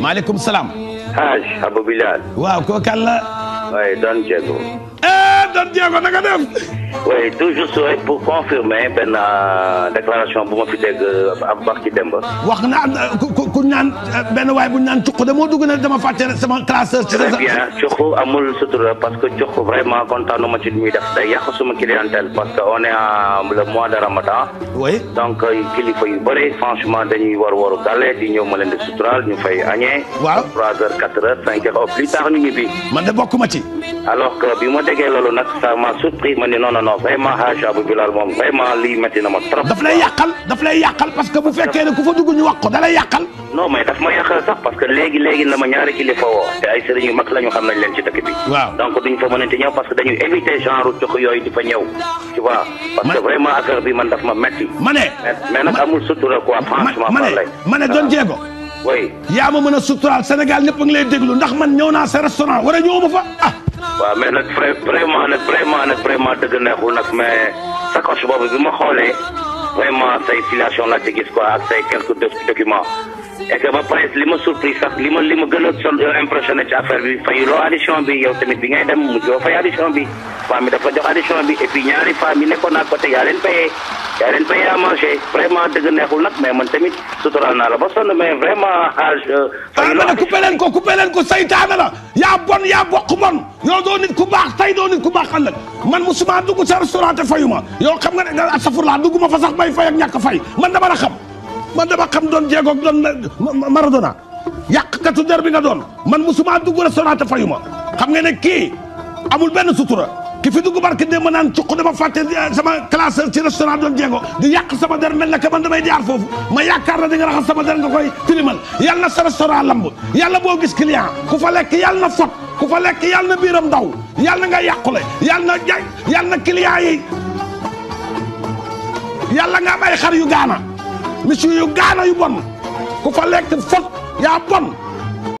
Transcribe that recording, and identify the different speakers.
Speaker 1: maaleykum salaam. Haaj Abu Bilal.
Speaker 2: waaw kooku kan la.
Speaker 1: waaye Don Diego.
Speaker 2: Eh! Assane Diégo na nga def.
Speaker 1: oui toujours rek pour confirmer benn euh, déclaration bu ma fi dégg euh, ab wax ci Demba.
Speaker 2: wax naan euh, ku ku naan benn waay bu ñu naan Cuq de moo dugg na dama fàtte sama classeur. ci sa très bien
Speaker 1: Cuq amul sutura parce que Cuq vraiment kontaanu ma ci li muy def day yàq suma clientèle parce que on est en le mois de Ramadan. oui donc kilifa yu bëri franchement dañuy war waru gàlle di ñëw ma leen di suturaal ñu fay añee. waaw 3 heures 4 heures 5 heures au plus tard ñu ngi bi. man de bokk ma ci. alors que bi ma déggee loolu nag. ça m'a surpris ma ni non non non vraiment Haja Abou Bilal moom vraiment lii métti na ma trop. daf lay yàqal
Speaker 2: daf lay yàqal parce que bu fekkee ñu wax ko da lay
Speaker 1: ma yàqal sax parce que léegi léegi ma ñaari kilifa woo te ay sëriñ yu mag la ñu xam nañ leen ci dëkk bi. waaw donc duñ fa mënante ñëw parce que ma métti. ma ne mais nag amul sutura quoi franchement. ma ne
Speaker 2: ma ne Don ah. Diego. oui. ma mën a suturaal Sénégal ñëpp a ndax man ñëw naa sa restaurant war a ñëw fa ah.
Speaker 1: waaw mais nag vraiment nag vraiment nag vraiment dëgg neexul nag mais sacoche boobu bi ma xoolee vraiment say filiation laa ci gis quoi ak say quelques documents et que ma pare li ma surprise sax li ma li ma gën a sol euh, impressionné ci affaire bi fayuloo addition bi yow tamit bi ngay dem mujjoo fay addition bi famille dafa jox addition bi et puis ñaari famille nekkoon naa côté yaa leen payé yaa leen payé à manger vraiment dëgg neexul nag mais man tamit suturaal naa la ba sonn mais vraiment âge. Ah, euh,
Speaker 2: fay loo xam coupé leen ko coupé leen ko saytaane la yaa bon yaa bokk bon yow doo nit ku baax tey doo nit ku baax ëllëg man musuma dugg sa restaurant te fayuma yow xam nga ne astafurlaa dugguma fa sax may fay ak ñàkk fay man dama la xam man dama xam doon jéego ak doon Maradona yàqkatu der bi nga doon man musuma dugg restaurant te fayuma xam nga ne kii amul benn sutura. ki fi dugg barke démb naan cuq dama fàtte eh, sama classe ci restaurant doon jéego di yàq sama der mel na ka man damay jaar foofu ma yaakaar na di nga sama der nga koy tilimal yàlla na sa restaurant lamb yàlla boo gis client ku fa lekk yàlla na fot ku fa lekk yàlla na biiram daw yàlla na nga yàqule yàlla na ja yàlla na client yi yàlla nga am
Speaker 1: ay yu gaana monsieur yu gaana yu bon ku fa lekk fot yaa bon